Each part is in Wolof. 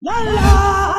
La la!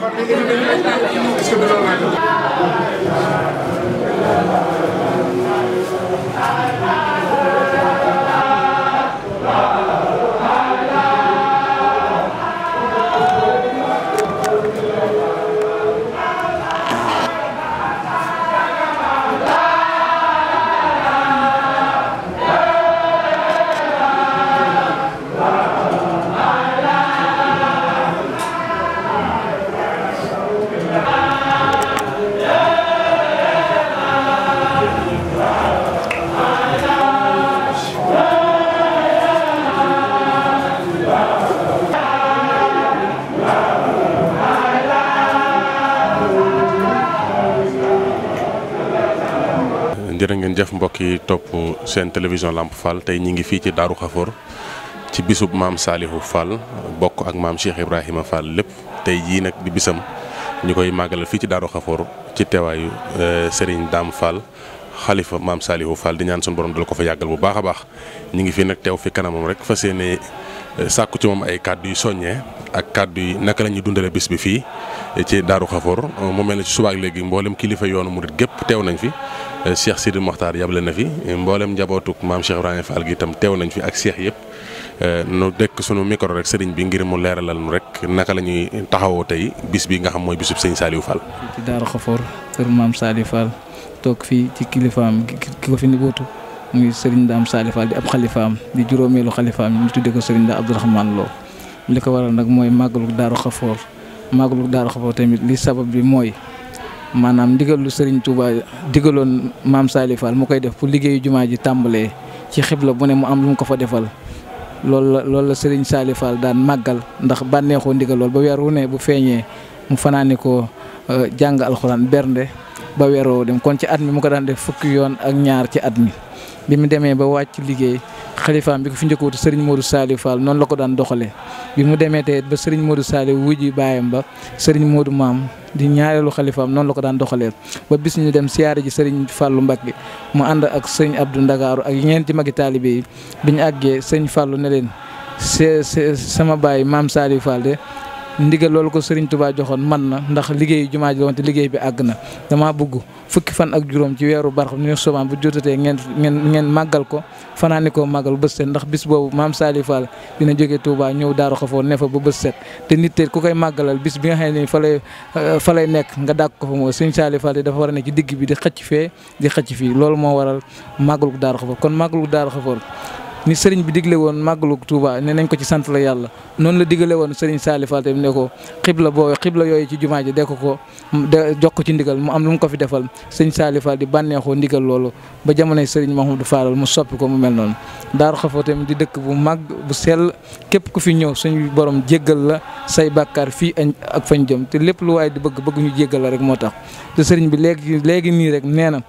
Est-ce jërë ngeen jëf mbokk yi topp seen télévision Lamp Fall tey ñi ngi fii ci Daaru Xafoor ci bisub maam Saalihu Fall bokk ak maam Cheikh Ibrahima Fall lépp tey jii nag di bisam ñu koy màggalal fii ci Daaru Xafoor ci teewaayu euh, Serigne Dame Fall xalifa maam Saalihu Fall di ñaan suñu borom dal ko fa yàggal bu baax a baax ñi ngi fi nag teew fi kanamam rek fas yéene euh, sàkku ci moom ay kàddu yu soññee ak kàddu yi naka la ñuy dundale bis bi fii ci Daaru Xafoor mu mel ne ci subaak léegi mboolem kilifa yoonu murit gépp teew nañ fi Cheikh sidou Mokhtar yable na fi mboolem njabootuk maam Cheikh ibrahim Fall gi tam téw nañ fi ak Cheikh yëpp no dekk sunu micro rek sëriñ bi ngir mu léralal nu rek naka lañuy ñuy taxawoo tey bis bi nga xam moy bisub sëñ Saliou Fall. ci Daara xofor ter mam Saliou Fall tok fi ci kilifaam ki ko fi nibootu muy sëriñ dam Saliou Fall di ab khalifaam di juróomeelu khalifaam ñu tuddé ko sëriñ Daa Abdourahmane Lo li ko waral nak moy màggalu Daara xofor màggalu Daara xofor tamit li sabab bi moy maanaam ndigal lu Serigne Touba digaloon maam Saliou Fall mu koy def fu liggéeyu jumaa ji tàmbalee ci xibla bu ne mu am lu mu ko fa defal. loolu la loolu la Serigne Saliou daan màggal ndax bànneexoo ndigal lool ba weer wu ne bu feeñee mu fanaani ko euh, jàng alxuraan bernde ba weeroo dem kon ci at mi mu ko daan def fukki yoon ak ñaar ci at mi. bi mu demee ba wàcc liggéey xalifaam bi ko fi njëkk wutu sëriñ Modou Saliou Fall noonu la ko daan doxalee bi mu demee tey ba sëriñ Modou Saliou wujji baayam ba sëriñ Modou maam di ñaareelu xalifaam noonu la ko daan doxalee ba bis ñu dem siyaare ji sëriñ Fallou Mbacké mu ànd ak sëriñ Abdou Ndakaaru ak ñeenti magi taalibe yi bi ñu àggee sëriñ Fallou ne leen sama baay maam Saliou Fall de ndigal loolu ko Serigne Touba joxoon man na ndax liggéey jumaa ji la wante liggéey bi àgg na damaa bugg fukki fan ak juróom ci weeru barxam ñu souvent bu jotatee ngeen ngeen ngeen màggal ko fanaani ko màggal bës set ndax bis boobu maam Saliou Fall dina jógee tuubaa ñëw Daaru Xafoor ne fa ba bës set te nit te ku koy màggalal bis bi nga xam ne nii fa lay euh, fa lay nekk nga dàq ko fa moo Serigne Saliou Fall dafa war a ne ci digg bi di xëcc fee di xëcc fii loolu moo waral màggalu Daaru Xafoor kon màggalu Daaru Xafoor ni sëriñ bi digle woon màggalu Touba ne nañ ko ci sant la yàlla noonu la digale woon sëriñ Saliou Fall tamit ne ko xibla booy xibla yooyu ci jumaa ji de ko ko jox ko ci ndigal mu am lu mu ko fi defal sëriñ Saliou di bànneexoo ndigal loolu ba jamonoy sëriñ du Fall mu soppi ko mu mel noonu. Daaru xafoo tamit di dëkk bu màgg bu sel képp ku fi ñëw suñu borom jéggal la say bàkkaar fii ak fañ jëm te lépp lu waaye di bëgg bëgg ñu jéggal la rek moo tax sëriñ bi léegi léegi nii rek nee na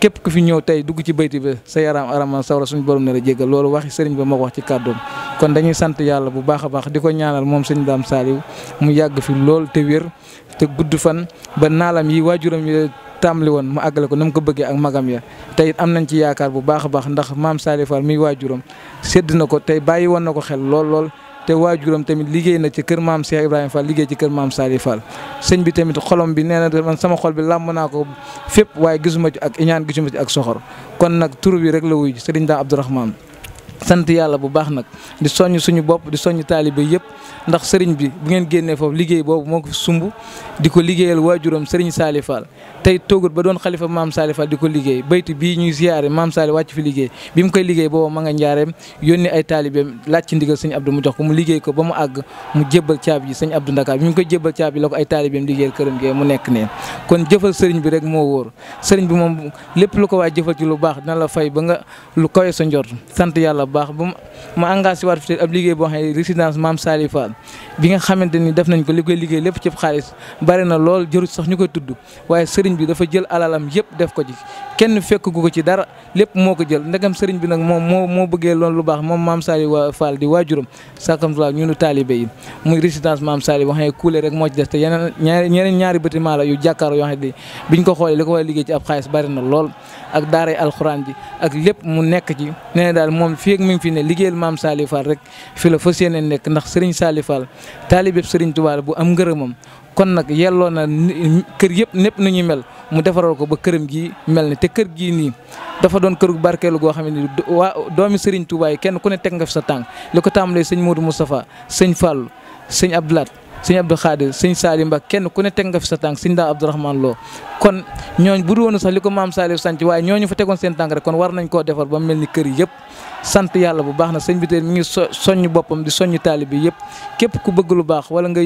képp ku fi ñëw tey dugg ci bayti bi sa yaram arama sawra suñ borom ne la loolu waxi sëriñ ba ma ko wax ci kàddoom kon dañuy sant yàlla bu baax a baax di ko ñaanal moom sëñ Dame Saliou mu yàgg fi lool te wér te gudd fan ba naalam yi waajuram yi tàmbali woon mu àggale ko na mu ko bëggee ak magam ya tey am nañ ci yaakaar bu baax a baax ndax maam Saliou Fall miy waajuram sédd na ko tey bàyyi woon na ko xel lool lool te waa waajuram tamit liggéey na ci kër maam Cheikh Ibrahima Fall liggéey ci kër maam Sali Fall sëñ bi tamit xolom bi nee na man sama xol bi làmm naa ko fépp waaye gisuma ci ak iñaan gisuma ci ak soxor kon nag turu bi rek la wuy Sëriñ Daa Abdourahmane sant yàlla bu baax nag di soññ suñu bopp di soññ taalibe yëpp ndax sëriñ bi bu ngeen génnee foofu liggéey boobu moo ko fi sumb di ko liggéeyal waajuram sëriñ Saali Fall tey toogut ba doon xalifa maam Saali Fall di ko liggéey bayti bii ñuy ziyaare maam Saali wàcc fi liggéey bi mu koy liggéey boobu ma nga njaareem yónni ay taalibeem laaj ci ndigal sëñ Abdou mu jox ko mu liggéey ko ba mu àgg mu jébbal caab yi sëñ Abdou Ndakaar bi mu koy jébbal caab yi la ko ay taalibeem liggéeyal këram gi mu nekk ne kon jëfal sëriñ bi rek moo wóor sëriñ bi moom lépp lu ko waay jëfal ci lu baax dina la fay ba nga lu baax ba ma engagé waat fi ab liggéey boo xam résidence Mame Saliou Fall bi nga xamante ni def nañ ko li liggéey lépp ci xaalis bari na lool jëru sax ñu koy tudd waaye sëriñ bi dafa jël alalam yëpp def ko ci kenn fekk gu ko ci dara lépp moo ko jël ndegam sëriñ bi nag moom moo moo bëggee loolu lu baax moom Mame Saliou Fall di waajuram sakamtula ñunu taalibe yi muy résidence Mame Saliou wax ne kuule rek moo ci des te yeneen ñaari ñeneen ñaari bâtiment la yu jàkkaaroo yoo xam ne biñ ko xoolee li ko war a liggéey ci na lool ak daaray alxuraan ji fekk mi ngi fi ne liggéeyal maam Saliou Fall rek fi la fas yéene nekk ndax Serigne Saliou Fall taalibeb Serigne Touba bu am ngërëmam kon nag yelloo na kër yëpp népp nu ñuy mel mu defaral ko ba këram gi mel ne te kër gi nii dafa doon kër këru barkeelu goo xam ne waa doomi Serigne Touba kenn ku ne teg nga fi sa tànk li ko tàmbalee sëñ Modou Moustapha sëñ Fallou sëñ Abdoulaat sëñ Abdou Khadir sëñ Saali Mbak kenn ku ne teg nga fi sa tànk sëñ daa Abdourahman Lo kon ñooñ bu du woon sax li ko maam Saali sant waaye ñooñu fa tegoon seen tànk rek kon war nañ koo defar ba mel ni kër yëpp sant yàlla bu baax na sëñ bi tey mi ngi soññ boppam di soññ taalibe yëpp képp ku bëgg lu baax wala nga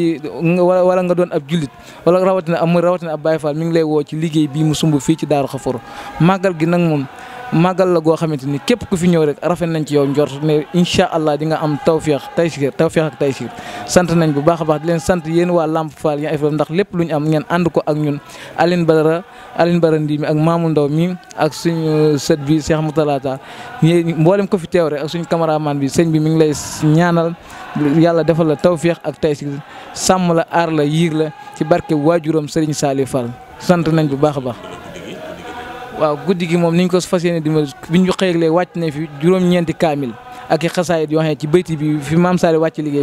wala nga doon ab jullit wala rawatina am rawatina ab Baye Fall mi ngi lay woo ci liggéey bii mu sumb fii ci Daaru Xafoor màggal gi nag moom màggal la goo xamante ni képp ku fi ñëw rek rafet nañ ci yow njort ne incha allah di nga am tawféex taysir tawféex ak taysir sant nañ bu baax a baax di leen sant yéen waa Lamp Fall Yane FM ndax am ngeen ànd ko ak ñun Aline Badara Aline Badara Ndimi ak maamu Ndaw mii ak suñu euh, sët bi Cheikh Moutalata ñi mboolem ko fi teew rek ak suñu caméraman bi sëñ bi mu ngi lay ñaanal yàlla defal la tawféex ak taysir sàmm la aar la yiir la ci barke waajuram Serigne Saliou Fall sant nañ bu baax a baax. waaw guddi gi moom niñ ko fas yéene dimbali biñ ñu xëyeeg léegi wàcc nañ fi juróom-ñeenti kaamil i xasaayit yoo xam ne ci bayti bi fi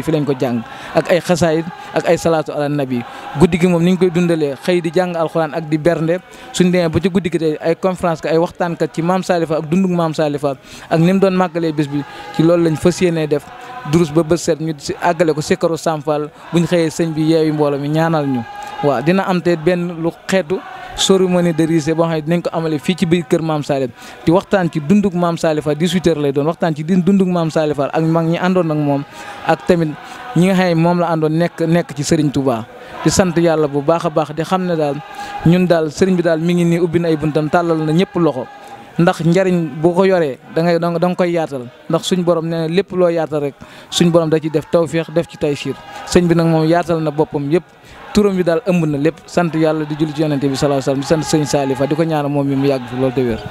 fi lañ ko jàng ay xasaayit ak ay salaatu ala nabi guddi gi moom ni ñu koy dundalee xëy di jàng alxuraan ak di bernde suñ demee ba ci guddi ay conférence ay waxtaankat ci maam Salifa ak dundug maam Salifa ak ni mu doon màggalee bés bi ci loolu lañ fas yéenee def durus ba bés set ñu si àggale ko sikkaru Samfal buñ xëyee sëñ bi yeewi mbooloo mi ñaanal ñu waaw dina am te benn lu xeetu cérémonie de remise boo xam ne dinañ ko amale fii ci biir kër maam Salif di waxtaan ci dundug maam Salif Fall 18 lay doon waxtaan ci dundug maam Salif Fall ak mag ñi àndoon nag moom ak tamit ñi nga xam ne moom la àndoon nekk nekk ci Serigne Touba. di sant yàlla bu baax a baax di xam ne daal ñun daal Serigne bi daal mi ngi nii ubbi na ay buntam tàllal na ñëpp loxo. ndax njariñ bu ko yoree da ngay da nga koy yaatal ndax suñ borom nee na lépp loo yaatal rek suñ borom da ci def tawféex def ci taysiir sëñ bi nag moom na boppam yëpp turam bi daal ëmb na lépp sant yàlla di julli ci yonente bi sallallahu alayhi wasallam di sant sëñ Saliou Fa di ko ñaanal moom mi mu yàgg fi loolu te wér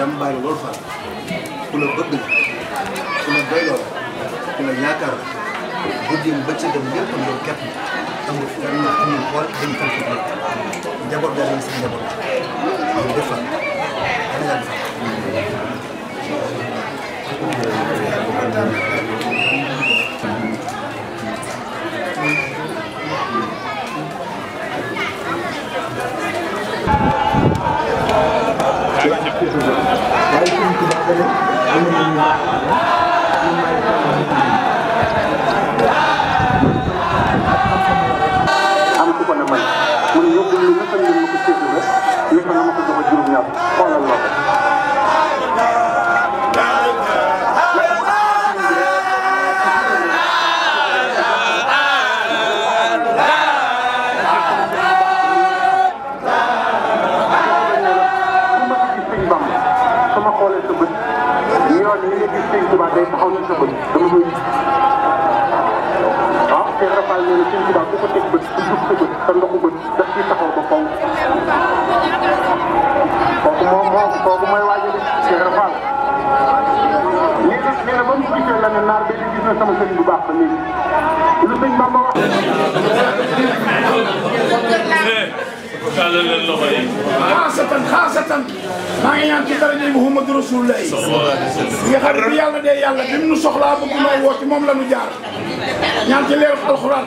jàmbaar lool faal ku la bëgg la ku la doyloo ku la yaakaar guddi ba ci dem lépp am yow képp am nga fi Thank you. Thank you. bët sa bët sa ndoxu bët daf ciy taxaw ba faw kooku moom moom kooku mooy waajal Cheikh Rafal ñu gis ñu ne ba mu gisee la ne naar bi gis na sama sëriñ bu baax ba léegi lu sëñ Bamba wax tàllal leen loxo yi. xaasatan xaasatan maa ngi ñaan ci daraja Muhammadu Rasulullah yi. nga xam ne yàlla de yàlla bi mu nu soxlaa bëgg noo woo ci moom la nu jaar. ñaan ci leeru alxuraan.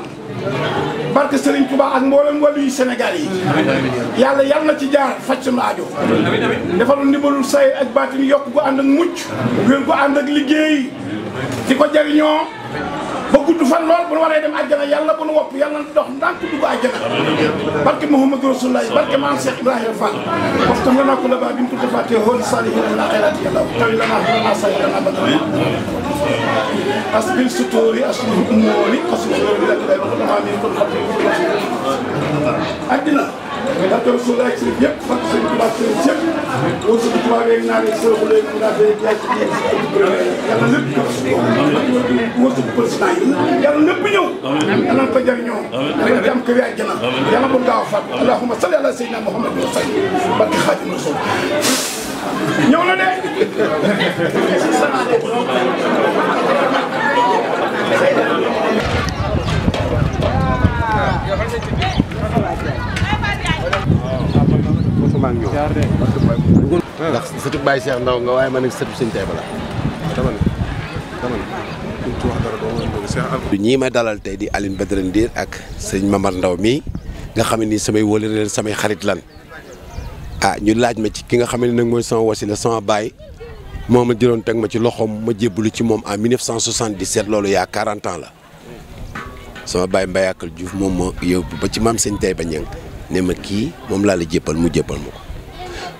barke Serigne Touba ak mboolem wàllu yu Sénégal yi yàlla yàlla na ci jaar faj sunu aajo defal nu ndimbalul say ak baatin yokk gu ànd ak mucc wér gu ànd ak liggéey di ko jariñoo ba gudd fan lool bu nu waree dem àjjana yàlla bu nu wopp yàlla na dox ndànk dugg àjjana barke Mouhamadou Rasulullah barke maam Cheikh Ibrahima Fall waxtam la ko la baa bi mu defaatee xool salihin la xayraati yàlla tawi la naa xirana say dana أسبل ستوري أسبل أموري أسبل أموري أسبل أموري أسبل أموري أسبل أموري ndaxte su laaj sëriñ yëpp sant sëriñ Tuubaa sëriñ yëpp woo sëriñ Tuubaa yeeg naa leen sëriñ léegi mu daal di jaay ci yàlla lépp jox woo sëriñ président yi yàlla lépp ñëw yàlla ko jëriñoo danga jàmm kër yi àjjana yàlla bu gaaw a fat allahumma salli ala sayyidina Muhammad wa sallim barke Xaadimu Rasuul ñëw na de Yeah. mosuma ak ñoom Ndaw nga waaye ma nekk sëtu Sëñ Tayba dalal tey di Aline Badara Ndiir ak sëñ Mamar Ndaw mii nga xam ni samay wóolare leen samay xarit lan ah ñu laaj ma ci ki nga xam ne nag mooy sama wasila sama baay moo ma jëloon teg ma ci loxoom ma jébbalu ci moom en 1977 loolu yaa 40 ans la sama baay Mbaye Akal moom ma yóbbu ba ci maam Sëñ ba Ñaŋ ne ma kii moom laa la mu jéppal ma ko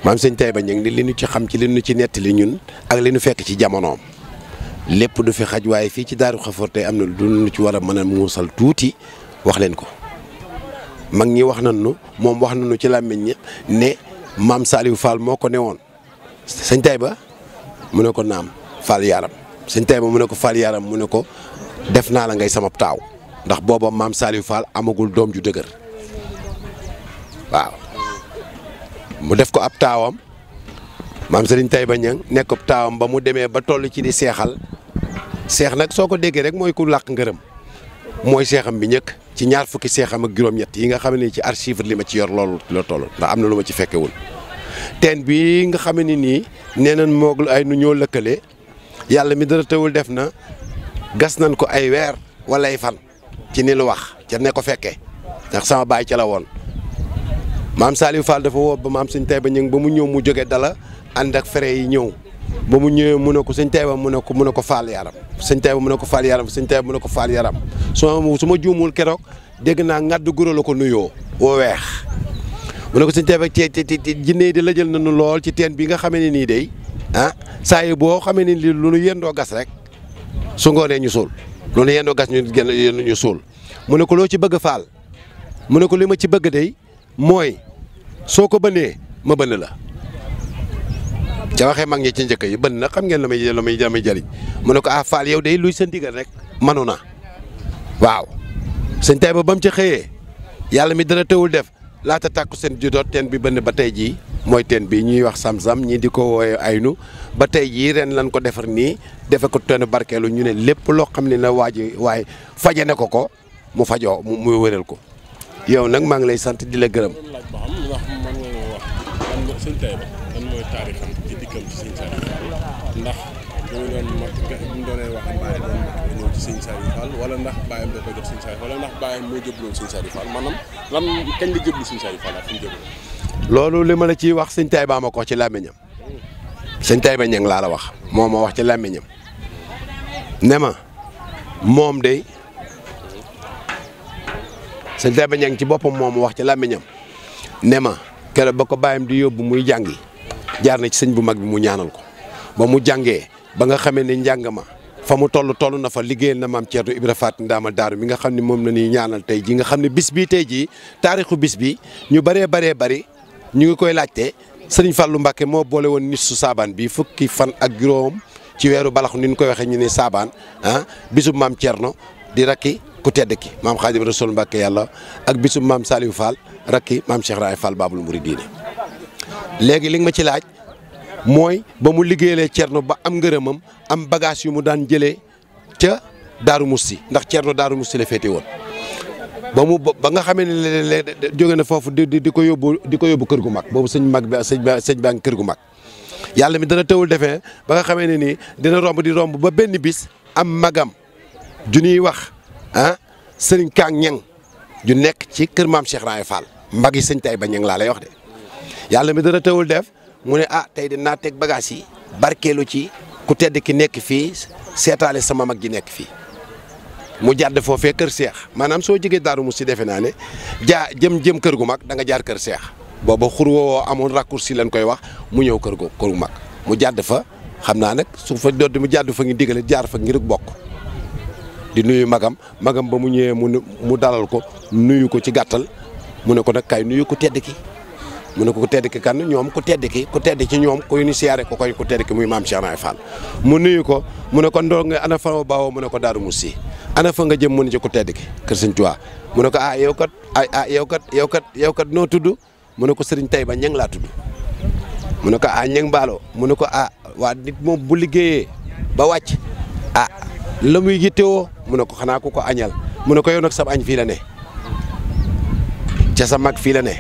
maam sëñ Taïba Niang ni li ñu ci xam ci li ñu ci nettali ñun ak li ñu fekk ci jamonoom lépp du fi xaj waaye fii ci daaru xafoor tey am na lu ñu ci war a mën a muusal tuuti wax leen ko mag ñi wax nañu moom wax nañu ci làmmiñ ne maam Saliou Fall moo ko newoon sëñ ba mu ne ko naam Fall Yaram sëñ Taïba mu ne ko Fall Yaram mu ne ko def naa la ngay sama taaw ndax booba maam saaliyu Fall amagul doom ju dëgër. waaw mu def ko ab taawam maam sa Serigne Taïba ba nekk ab taawam ba mu demee ba toll ci di seexal seex nag soo ko déggee rek mooy ku làq ngërëm mooy seexam bi ñëkk ci ñaar fukki seexam ak juróom-ñett yi nga xam ne ci archive li ma ci yor loolu la toll ndax am na lu ma ci fekkewul teen bi nga xam ne nii nee nañ moog ay nu ñoo lëkkale yàlla mi dara tawul def na gas nañ ko ay weer wala ay fan ci ni lu wax ca ne ko fekkee ndax sama baay ca la woon. maam Saliou Fall dafa woo ba maam sëñ Taïba Niang ba mu ñëw mu jóge dala ànd ak fere yi ñëw ba mu ñëwee mu ne ko sëñ Taïba mu ne ko mu ne ko Fall yaram sëñ Taïba mu ko Fall yaram sëñ Taïba mu ne ko Fall yaram su ma su ma keroog dégg naa ngàdd guro la ko nuyoo woo weex mu ne ko sëñ Taïba ci ci ci jinne di la jël nañu lool ci teen bi nga xamee ne nii day ah saa boo xamee ne nii lu nu yëndoo gas rek su ngoonee ñu suul lu nu yëndoo gas ñu génn ñu suul mu ne ko loo ci bëgg Fall mu ne ko li ma ci bëgg day mooy soo ko bënnee ma bënn la ca waxee mag ñi ci njëkk yi bënn na xam ngeen la may la may damay jëriñ mu ne ko ah Fall yow dey luy seen ndigal rek manu na waaw sëñ tay ba ba mu ci xëyee yàlla mi dara teewul def laata tàkku seen judoot teen bi bënn ba tey jii mooy teen bi ñuy wax sam-sam ñii di ko wooye aynu ba tey jii ren lan ko defar nii defe ko teenu barkeelu ñu ne lépp loo xam ne na waaji waaye faje ne ko ko mu fajoo mu wëral ko yow nag maa ngi lay sant di la gërëm sëñ Taïba lan ndax bu ñu doon mag nga bu ñu doonee wax mbaay doon mag nga ñëw ci sëñ Saliou Fall wala ndax bàyyam da ko jox sëñ Saliou wala ndax bàyyam moo jëbloon sëñ Saliou Fall maanaam lan kañ la jëblu sëñ loolu li ma la ciy wax sëñ Taïba ko ci làmmiñam sëñ Taïba ñang laa la wax moo ma wax ci làmmiñam ne ma moom de sëñ Taïba ñang ci boppam moo wax ci làmmiñam ne ma keroog ba ko bàyyam di yóbbu muy jàngi jaar na ci sëñ bu mag bi mu ñaanal ko ba mu jàngee ba nga xamee ne njàng ma fa mu toll toll na fa liggéeyal na maam Thierno Ibra Faat Ndaama Daaru mi nga xam ne moom na ñuy ñaanal tey ji nga xam ne bis bii tey jii taarixu bis bi ñu bëree baree bari ñu ngi koy laajte sëriñ Fallou Mbacke moo boole woon nit su saabaan bi fukki fan ak juróom ci weeru balax ni nu koy waxee ñu ne saabaan ah bisub maam Thierno di rakki ku tedd ki maam Xaadim Rasul Mbacke yàlla ak bisub maam Saliou Fall. rakki maam Cheikh Raay Fall Baabul Muridiina léegi li ma ci laaj mooy ba mu liggéeyalee Cerno ba am ngërëmam am bagage yu mu daan jëlee ca Daaru Musti ndax Cerno Daaru mussi la féete woon ba mu ba nga xamee ne léeg jóge na foofu di di ko yóbbu di ko yóbbu kër gu mag boobu sëñ mag bi sëñ ba sëñ baa ngi kër gu mag yàlla mi dana tëwul defee ba nga xamee ni nii dina romb di romb ba benn bis am magam ju ñuy wax ah sëriñ Kaang Ñang ju nekk ci kër maam Cheikh Raye magi sëñ tay ba ñang laa lay wax de yàlla mi dara teewul def mu ne ah tey de naa teg bagage yi barkeelu ci ku tedd ki nekk fii seetaale sama mag ji nekk fii mu jàdd foofee kër seex maanaam soo jegee daaru mu si defe naa ne jaa jëm jëm kër gu mag da nga jaar kër raccourci koy wax mu mag mu fa su fa mu fa ngi digale jaar fa ngir di nuyu magam magam ba mu ñëwee mu dalal ko nuyu ko ci mu ne ko nag kaay nuyu ko tedd ki mu ne ko ku tedd ki kan ñoom ku tedd ki ku tedd ci ñoom ku ñu siyaare ko koñ ku tedd ki muy maam Cheikh Naye Fall mu nuyu ko mu ne ko ndoo nga ana fa bawoo mu ne ko Daaru si ana fa nga jëm mun ne ci ku tedd ki kër Sëñ mu ne ko ah yow kat yow kat yow yow kat noo tudd mu ne ko sëriñ tey ba ñang laa tudd mu ne ko ah ñang mbaaloo mu ne ko ah waa nit moom bu liggéeye ba wàcc ah la muy yittewoo mu ne ko xanaa ku ko añal mun ne ko yow nag sab añ fii la ne ca sa mag fii la ne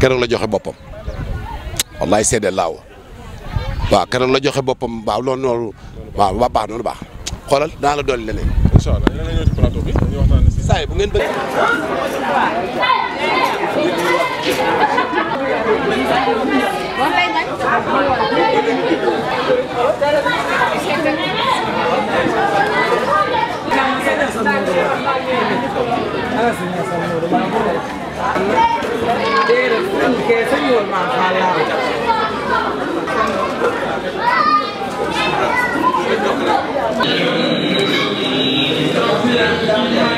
keroog la joxe boppam wallaay seede laaw waaw keroog la joxe boppam waaw loolu noonu waaw baa baax noonu baax la dolli leneen. 他们给食用嘛，怕浪费。